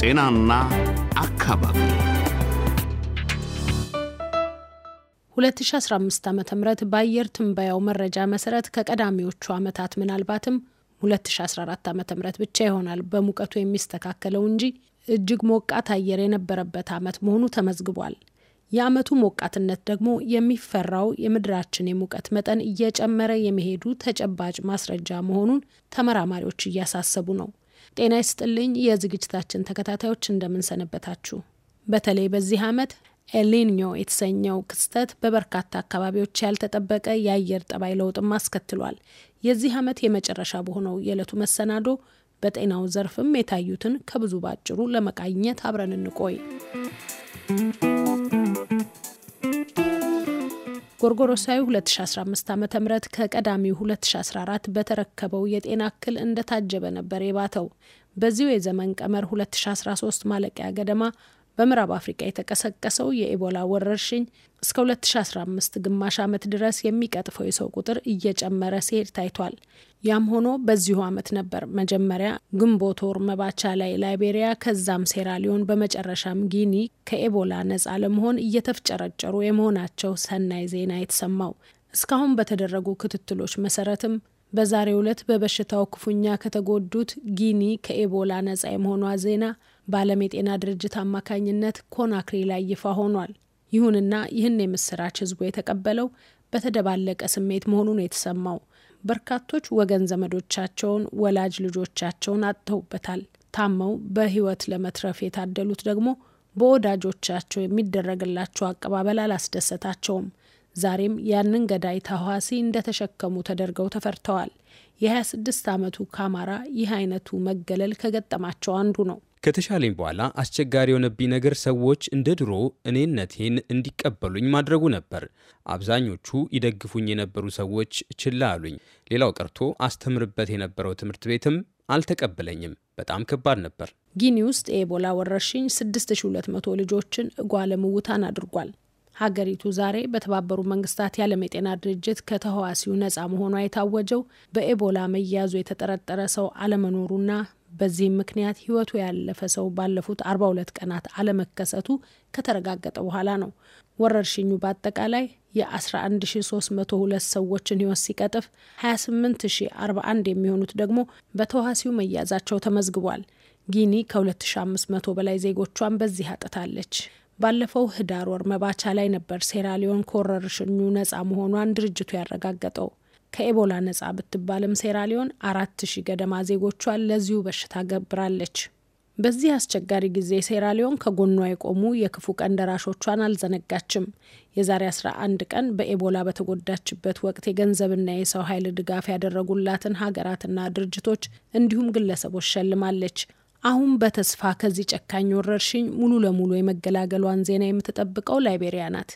ጤናና አካባቢ 2015 ዓ ም በአየር ትንበያው መረጃ መሰረት ከቀዳሚዎቹ ዓመታት ምናልባትም 2014 ዓ ም ብቻ ይሆናል በሙቀቱ የሚስተካከለው እንጂ እጅግ ሞቃት አየር የነበረበት ዓመት መሆኑ ተመዝግቧል። የዓመቱ ሞቃትነት ደግሞ የሚፈራው የምድራችን የሙቀት መጠን እየጨመረ የመሄዱ ተጨባጭ ማስረጃ መሆኑን ተመራማሪዎች እያሳሰቡ ነው። ጤና ይስጥልኝ የዝግጅታችን ተከታታዮች እንደምንሰነበታችሁ። በተለይ በዚህ ዓመት ኤሊኒዮ የተሰኘው ክስተት በበርካታ አካባቢዎች ያልተጠበቀ የአየር ጠባይ ለውጥም አስከትሏል። የዚህ ዓመት የመጨረሻ በሆነው የዕለቱ መሰናዶ በጤናው ዘርፍም የታዩትን ከብዙ ባጭሩ ለመቃኘት አብረን እንቆይ። ጎርጎሮሳዊ 2015 ዓ ም ከቀዳሚው 2014 በተረከበው የጤና እክል እንደታጀበ ነበር የባተው። በዚሁ የዘመን ቀመር 2013 ማለቂያ ገደማ በምዕራብ አፍሪቃ የተቀሰቀሰው የኢቦላ ወረርሽኝ እስከ 2015 ግማሽ ዓመት ድረስ የሚቀጥፈው የሰው ቁጥር እየጨመረ ሲሄድ ታይቷል። ያም ሆኖ በዚሁ ዓመት ነበር መጀመሪያ ግንቦት ወር መባቻ ላይ ላይቤሪያ፣ ከዛም ሴራሊዮን፣ በመጨረሻም ጊኒ ከኤቦላ ነጻ ለመሆን እየተፍጨረጨሩ የመሆናቸው ሰናይ ዜና የተሰማው። እስካሁን በተደረጉ ክትትሎች መሰረትም በዛሬው ዕለት በበሽታው ክፉኛ ከተጎዱት ጊኒ ከኤቦላ ነጻ የመሆኗ ዜና በዓለም የጤና ድርጅት አማካኝነት ኮናክሪ ላይ ይፋ ሆኗል። ይሁንና ይህን የምስራች ህዝቡ የተቀበለው በተደባለቀ ስሜት መሆኑን የተሰማው በርካቶች ወገን ዘመዶቻቸውን፣ ወላጅ ልጆቻቸውን አጥተውበታል። ታመው በህይወት ለመትረፍ የታደሉት ደግሞ በወዳጆቻቸው የሚደረግላቸው አቀባበል አላስደሰታቸውም። ዛሬም ያንን ገዳይ ተህዋሲ እንደተሸከሙ ተደርገው ተፈርተዋል። የ26 ዓመቱ ካማራ ይህ አይነቱ መገለል ከገጠማቸው አንዱ ነው። ከተሻለኝ በኋላ አስቸጋሪ የሆነብኝ ነገር ሰዎች እንደ ድሮ እኔነቴን እንዲቀበሉኝ ማድረጉ ነበር። አብዛኞቹ ይደግፉኝ የነበሩ ሰዎች ችላ አሉኝ። ሌላው ቀርቶ አስተምርበት የነበረው ትምህርት ቤትም አልተቀበለኝም። በጣም ከባድ ነበር። ጊኒ ውስጥ የኢቦላ ወረርሽኝ 6200 ልጆችን ጓለምውታን አድርጓል። ሀገሪቱ ዛሬ በተባበሩት መንግስታት የዓለም የጤና ድርጅት ከተህዋሲው ነጻ መሆኗ የታወጀው በኤቦላ መያዙ የተጠረጠረ ሰው አለመኖሩና በዚህም ምክንያት ህይወቱ ያለፈ ሰው ባለፉት 42 ቀናት አለመከሰቱ ከተረጋገጠ በኋላ ነው። ወረርሽኙ በአጠቃላይ የ11302 ሰዎችን ህይወት ሲቀጥፍ 28041 የሚሆኑት ደግሞ በተዋሲው መያዛቸው ተመዝግቧል። ጊኒ ከ2500 በላይ ዜጎቿን በዚህ አጥታለች። ባለፈው ህዳር ወር መባቻ ላይ ነበር ሴራሊዮን ከወረርሽኙ ነጻ መሆኗን ድርጅቱ ያረጋገጠው። ከኤቦላ ነጻ ብትባልም ሴራሊዮን አራት ሺህ ገደማ ዜጎቿን ለዚሁ በሽታ ገብራለች። በዚህ አስቸጋሪ ጊዜ ሴራሊዮን ከጎኗ የቆሙ የክፉ ቀን ደራሾቿን አልዘነጋችም። የዛሬ 11 ቀን በኤቦላ በተጎዳችበት ወቅት የገንዘብና የሰው ኃይል ድጋፍ ያደረጉላትን ሀገራትና ድርጅቶች እንዲሁም ግለሰቦች ሸልማለች። አሁን በተስፋ ከዚህ ጨካኝ ወረርሽኝ ሙሉ ለሙሉ የመገላገሏን ዜና የምትጠብቀው ላይቤሪያ ናት።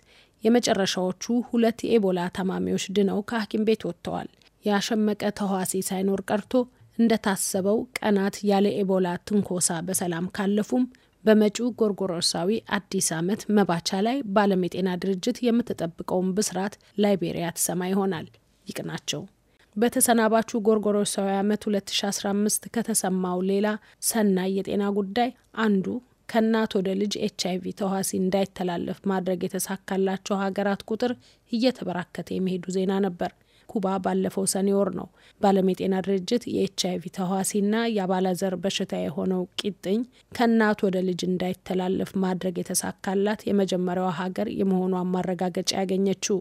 የመጨረሻዎቹ ሁለት የኢቦላ ታማሚዎች ድነው ከሐኪም ቤት ወጥተዋል። ያሸመቀ ተህዋሲ ሳይኖር ቀርቶ እንደታሰበው ቀናት ያለ ኢቦላ ትንኮሳ በሰላም ካለፉም በመጪው ጎርጎሮሳዊ አዲስ ዓመት መባቻ ላይ በዓለም የጤና ድርጅት የምትጠብቀውን ብስራት ላይቤሪያ ትሰማ ይሆናል። ይቅናቸው። በተሰናባቹ ጎርጎሮሳዊ ዓመት 2015 ከተሰማው ሌላ ሰናይ የጤና ጉዳይ አንዱ ከእናት ወደ ልጅ ኤች አይቪ ተዋሲ እንዳይተላለፍ ማድረግ የተሳካላቸው ሀገራት ቁጥር እየተበራከተ የመሄዱ ዜና ነበር። ኩባ ባለፈው ሰኔ ወር ነው በዓለም የጤና ድርጅት የኤች አይቪ ተዋሲና የአባላዘር በሽታ የሆነው ቂጥኝ ከእናት ወደ ልጅ እንዳይተላለፍ ማድረግ የተሳካላት የመጀመሪያዋ ሀገር የመሆኗን ማረጋገጫ ያገኘችው።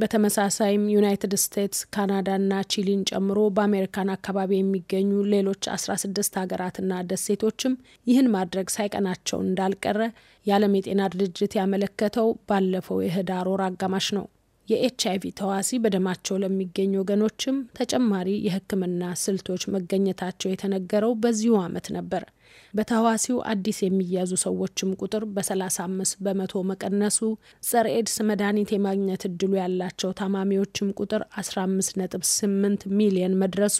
በተመሳሳይም ዩናይትድ ስቴትስ፣ ካናዳና ቺሊን ጨምሮ በአሜሪካን አካባቢ የሚገኙ ሌሎች 16 ሀገራትና ደሴቶችም ይህን ማድረግ ሳይቀናቸው እንዳልቀረ የዓለም የጤና ድርጅት ያመለከተው ባለፈው የህዳር ወር አጋማሽ ነው። የኤች አይቪ ተዋሲ በደማቸው ለሚገኙ ወገኖችም ተጨማሪ የህክምና ስልቶች መገኘታቸው የተነገረው በዚሁ ዓመት ነበር። በተህዋሲው አዲስ የሚያዙ ሰዎችም ቁጥር በ35 በመቶ መቀነሱ፣ ጸረ ኤድስ መድኃኒት የማግኘት እድሉ ያላቸው ታማሚዎችም ቁጥር 15.8 ሚሊየን መድረሱ፣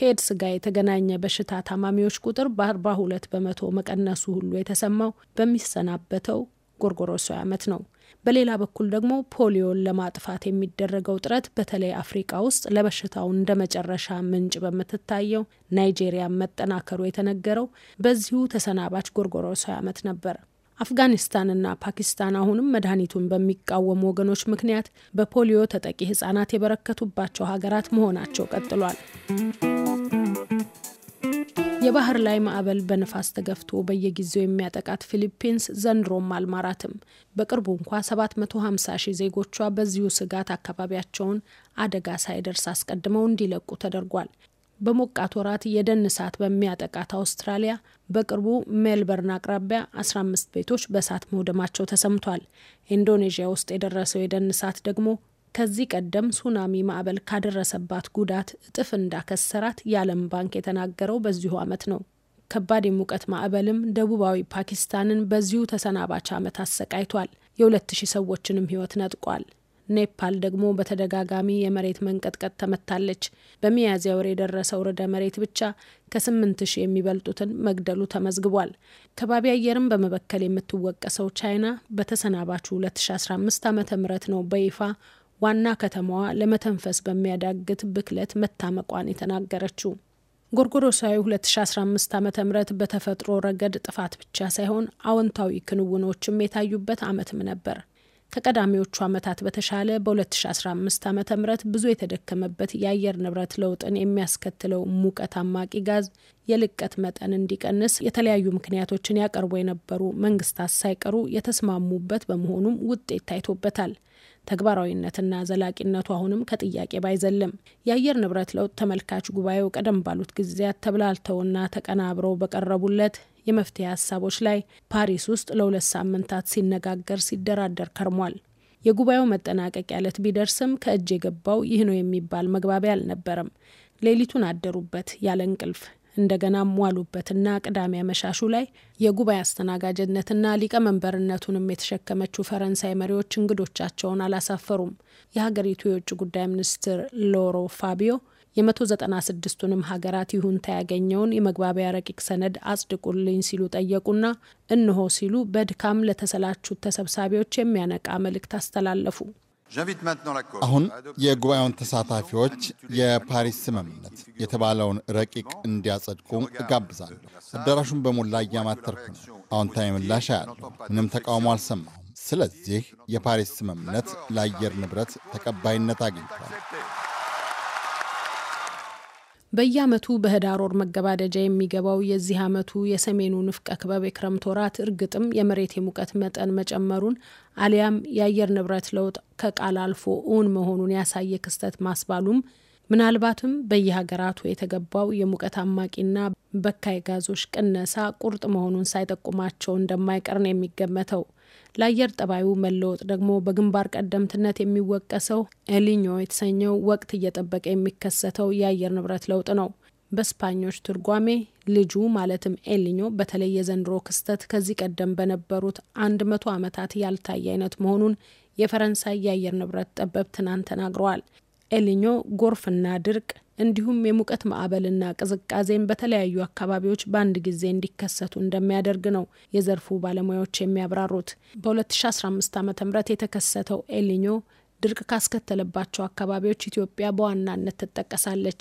ከኤድስ ጋር የተገናኘ በሽታ ታማሚዎች ቁጥር በ42 በመቶ መቀነሱ ሁሉ የተሰማው በሚሰናበተው ጎርጎሮሳዊ ዓመት ነው። በሌላ በኩል ደግሞ ፖሊዮን ለማጥፋት የሚደረገው ጥረት በተለይ አፍሪካ ውስጥ ለበሽታው እንደ መጨረሻ ምንጭ በምትታየው ናይጄሪያ መጠናከሩ የተነገረው በዚሁ ተሰናባች ጎርጎሮሳዊ ዓመት ነበር። አፍጋኒስታንና ፓኪስታን አሁንም መድኃኒቱን በሚቃወሙ ወገኖች ምክንያት በፖሊዮ ተጠቂ ህጻናት የበረከቱባቸው ሀገራት መሆናቸው ቀጥሏል። የባህር ላይ ማዕበል በነፋስ ተገፍቶ በየጊዜው የሚያጠቃት ፊሊፒንስ ዘንድሮም አልማራትም። በቅርቡ እንኳ 750 ሺህ ዜጎቿ በዚሁ ስጋት አካባቢያቸውን አደጋ ሳይደርስ አስቀድመው እንዲለቁ ተደርጓል። በሞቃት ወራት የደን እሳት በሚያጠቃት አውስትራሊያ በቅርቡ ሜልበርን አቅራቢያ 15 ቤቶች በእሳት መውደማቸው ተሰምቷል። ኢንዶኔዥያ ውስጥ የደረሰው የደን እሳት ደግሞ ከዚህ ቀደም ሱናሚ ማዕበል ካደረሰባት ጉዳት እጥፍ እንዳከሰራት የዓለም ባንክ የተናገረው በዚሁ ዓመት ነው። ከባድ የሙቀት ማዕበልም ደቡባዊ ፓኪስታንን በዚሁ ተሰናባች ዓመት አሰቃይቷል። የሁለት ሺህ ሰዎችንም ሕይወት ነጥቋል። ኔፓል ደግሞ በተደጋጋሚ የመሬት መንቀጥቀጥ ተመታለች። በሚያዝያ ወር የደረሰው ርዕደ መሬት ብቻ ከስምንት ሺህ የሚበልጡትን መግደሉ ተመዝግቧል። ከባቢ አየርን በመበከል የምትወቀሰው ቻይና በተሰናባቹ 2015 ዓ ም ነው በይፋ ዋና ከተማዋ ለመተንፈስ በሚያዳግት ብክለት መታመቋን የተናገረችው። ጎርጎሮሳዊ 2015 ዓ ም በተፈጥሮ ረገድ ጥፋት ብቻ ሳይሆን አዎንታዊ ክንውኖችም የታዩበት ዓመትም ነበር። ከቀዳሚዎቹ ዓመታት በተሻለ በ2015 ዓ ም ብዙ የተደከመበት የአየር ንብረት ለውጥን የሚያስከትለው ሙቀት አማቂ ጋዝ የልቀት መጠን እንዲቀንስ የተለያዩ ምክንያቶችን ያቀርቡ የነበሩ መንግስታት ሳይቀሩ የተስማሙበት በመሆኑም ውጤት ታይቶበታል። ተግባራዊነትና ዘላቂነቱ አሁንም ከጥያቄ ባይዘልም የአየር ንብረት ለውጥ ተመልካች ጉባኤው ቀደም ባሉት ጊዜያት ተብላልተውና ተቀናብረው በቀረቡለት የመፍትሄ ሀሳቦች ላይ ፓሪስ ውስጥ ለሁለት ሳምንታት ሲነጋገር ሲደራደር ከርሟል። የጉባኤው መጠናቀቂያ ዕለት ቢደርስም ከእጅ የገባው ይህ ነው የሚባል መግባቢያ አልነበረም። ሌሊቱን አደሩበት ያለ እንቅልፍ። እንደገናም ዋሉበትና ቅዳሜ አመሻሹ ላይ የጉባኤ አስተናጋጅነትና ሊቀመንበርነቱንም የተሸከመችው ፈረንሳይ መሪዎች እንግዶቻቸውን አላሳፈሩም። የሀገሪቱ የውጭ ጉዳይ ሚኒስትር ሎሮ ፋቢዮ የመቶ ዘጠና ስድስቱንም ሀገራት ይሁንታ ያገኘውን የመግባቢያ ረቂቅ ሰነድ አጽድቁልኝ ሲሉ ጠየቁና እንሆ ሲሉ በድካም ለተሰላቹት ተሰብሳቢዎች የሚያነቃ መልእክት አስተላለፉ። አሁን የጉባኤውን ተሳታፊዎች የፓሪስ ስምምነት የተባለውን ረቂቅ እንዲያጸድቁ እጋብዛለሁ። አዳራሹን በሞላ እያማተርኩ ነው። አዎንታዊ ምላሽ አያለሁ። ምንም ተቃውሞ አልሰማሁም። ስለዚህ የፓሪስ ስምምነት ለአየር ንብረት ተቀባይነት አግኝቷል። በየአመቱ በህዳር ወር መገባደጃ የሚገባው የዚህ አመቱ የሰሜኑ ንፍቀ ክበብ የክረምት ወራት እርግጥም የመሬት የሙቀት መጠን መጨመሩን አሊያም የአየር ንብረት ለውጥ ከቃል አልፎ እውን መሆኑን ያሳየ ክስተት ማስባሉም ምናልባትም በየሀገራቱ የተገባው የሙቀት አማቂና በካይ ጋዞች ቅነሳ ቁርጥ መሆኑን ሳይጠቁማቸው እንደማይቀር ነው የሚገመተው። ለአየር ጠባዩ መለወጥ ደግሞ በግንባር ቀደምትነት የሚወቀሰው ኤሊኞ የተሰኘው ወቅት እየጠበቀ የሚከሰተው የአየር ንብረት ለውጥ ነው። በስፓኞች ትርጓሜ ልጁ ማለትም ኤሊኞ በተለይ የዘንድሮ ክስተት ከዚህ ቀደም በነበሩት አንድ መቶ ዓመታት ያልታየ አይነት መሆኑን የፈረንሳይ የአየር ንብረት ጠበብ ትናንት ተናግረዋል። ኤሊኞ ጎርፍና ድርቅ እንዲሁም የሙቀት ማዕበልና ቅዝቃዜን በተለያዩ አካባቢዎች በአንድ ጊዜ እንዲከሰቱ እንደሚያደርግ ነው የዘርፉ ባለሙያዎች የሚያብራሩት። በ2015 ዓ ም የተከሰተው ኤሊኞ ድርቅ ካስከተለባቸው አካባቢዎች ኢትዮጵያ በዋናነት ትጠቀሳለች።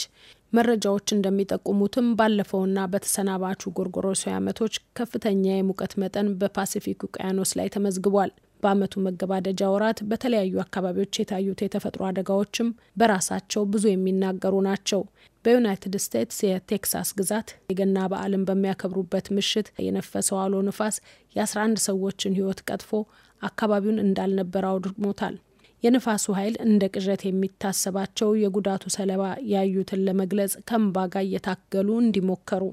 መረጃዎች እንደሚጠቁሙትም ባለፈውና በተሰናባቹ ጎርጎሮሳዊ ዓመቶች ከፍተኛ የሙቀት መጠን በፓሲፊክ ውቅያኖስ ላይ ተመዝግቧል። በዓመቱ መገባደጃ ወራት በተለያዩ አካባቢዎች የታዩት የተፈጥሮ አደጋዎችም በራሳቸው ብዙ የሚናገሩ ናቸው። በዩናይትድ ስቴትስ የቴክሳስ ግዛት የገና በዓልን በሚያከብሩበት ምሽት የነፈሰው አውሎ ንፋስ የ11 ሰዎችን ሕይወት ቀጥፎ አካባቢውን እንዳልነበረ አውድሞታል። የንፋሱ ኃይል እንደ ቅዠት የሚታሰባቸው የጉዳቱ ሰለባ ያዩትን ለመግለጽ ከእምባ ጋር እየታገሉ እንዲሞከሩ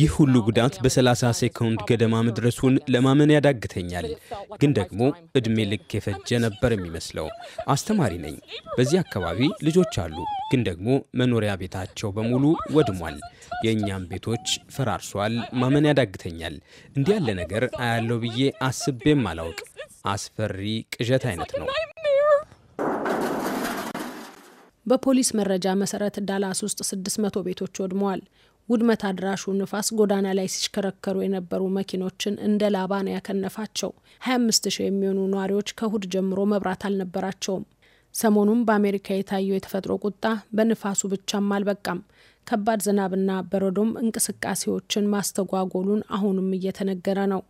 ይህ ሁሉ ጉዳት በ30 ሴኮንድ ገደማ መድረሱን ለማመን ያዳግተኛል። ግን ደግሞ እድሜ ልክ የፈጀ ነበር የሚመስለው። አስተማሪ ነኝ። በዚህ አካባቢ ልጆች አሉ። ግን ደግሞ መኖሪያ ቤታቸው በሙሉ ወድሟል። የእኛም ቤቶች ፈራርሷል። ማመን ያዳግተኛል። እንዲህ ያለ ነገር አያለው ብዬ አስቤም አላውቅ። አስፈሪ ቅዠት አይነት ነው። በፖሊስ መረጃ መሰረት ዳላስ ውስጥ 600 ቤቶች ወድመዋል። ውድመት አድራሹ ንፋስ ጎዳና ላይ ሲሽከረከሩ የነበሩ መኪኖችን እንደ ላባ ነው ያከነፋቸው። 25 ሺህ የሚሆኑ ነዋሪዎች ከእሁድ ጀምሮ መብራት አልነበራቸውም። ሰሞኑን በአሜሪካ የታየው የተፈጥሮ ቁጣ በንፋሱ ብቻም አልበቃም። ከባድ ዝናብና በረዶም እንቅስቃሴዎችን ማስተጓጎሉን አሁንም እየተነገረ ነው።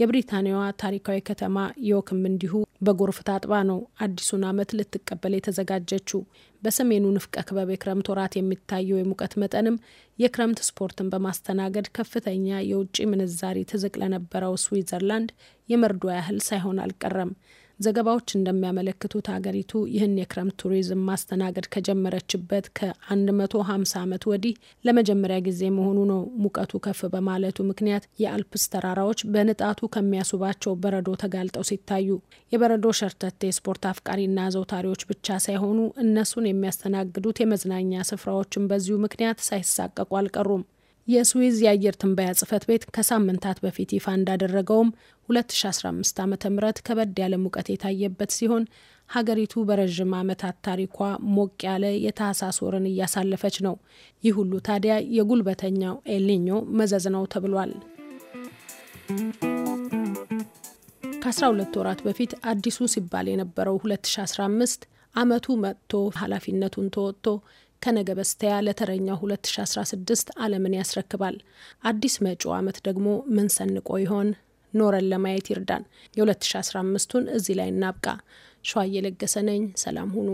የብሪታንያዋ ታሪካዊ ከተማ ዮክም እንዲሁ በጎርፍ ታጥባ ነው አዲሱን ዓመት ልትቀበል የተዘጋጀችው። በሰሜኑ ንፍቀ ክበብ የክረምት ወራት የሚታየው የሙቀት መጠንም የክረምት ስፖርትን በማስተናገድ ከፍተኛ የውጭ ምንዛሪ ትዝቅ ለነበረው ስዊዘርላንድ የመርዶ ያህል ሳይሆን አልቀረም። ዘገባዎች እንደሚያመለክቱት አገሪቱ ይህን የክረምት ቱሪዝም ማስተናገድ ከጀመረችበት ከ150 ዓመት ወዲህ ለመጀመሪያ ጊዜ መሆኑ ነው። ሙቀቱ ከፍ በማለቱ ምክንያት የአልፕስ ተራራዎች በንጣቱ ከሚያስውባቸው በረዶ ተጋልጠው ሲታዩ የበረዶ ሸርተቴ ስፖርት አፍቃሪና ዘውታሪዎች ብቻ ሳይሆኑ እነሱን የሚያስተናግዱት የመዝናኛ ስፍራዎችን በዚሁ ምክንያት ሳይሳቀቁ አልቀሩም። የስዊዝ የአየር ትንበያ ጽህፈት ቤት ከሳምንታት በፊት ይፋ እንዳደረገውም 2015 ዓ ም ከበድ ያለ ሙቀት የታየበት ሲሆን ሀገሪቱ በረዥም ዓመታት ታሪኳ ሞቅ ያለ የታህሳስ ወርን እያሳለፈች ነው። ይህ ሁሉ ታዲያ የጉልበተኛው ኤልኒኞ መዘዝ ነው ተብሏል። ከ12 ወራት በፊት አዲሱ ሲባል የነበረው 2015 ዓመቱ መጥቶ ኃላፊነቱን ተወጥቶ ከነገ በስቲያ ለተረኛው 2016 ዓለምን ያስረክባል። አዲስ መጪው ዓመት ደግሞ ምን ሰንቆ ይሆን? ኖረን ለማየት ይርዳን። የ2015ቱን እዚህ ላይ እናብቃ። ሸዋ እየለገሰ ነኝ። ሰላም ሁኑ።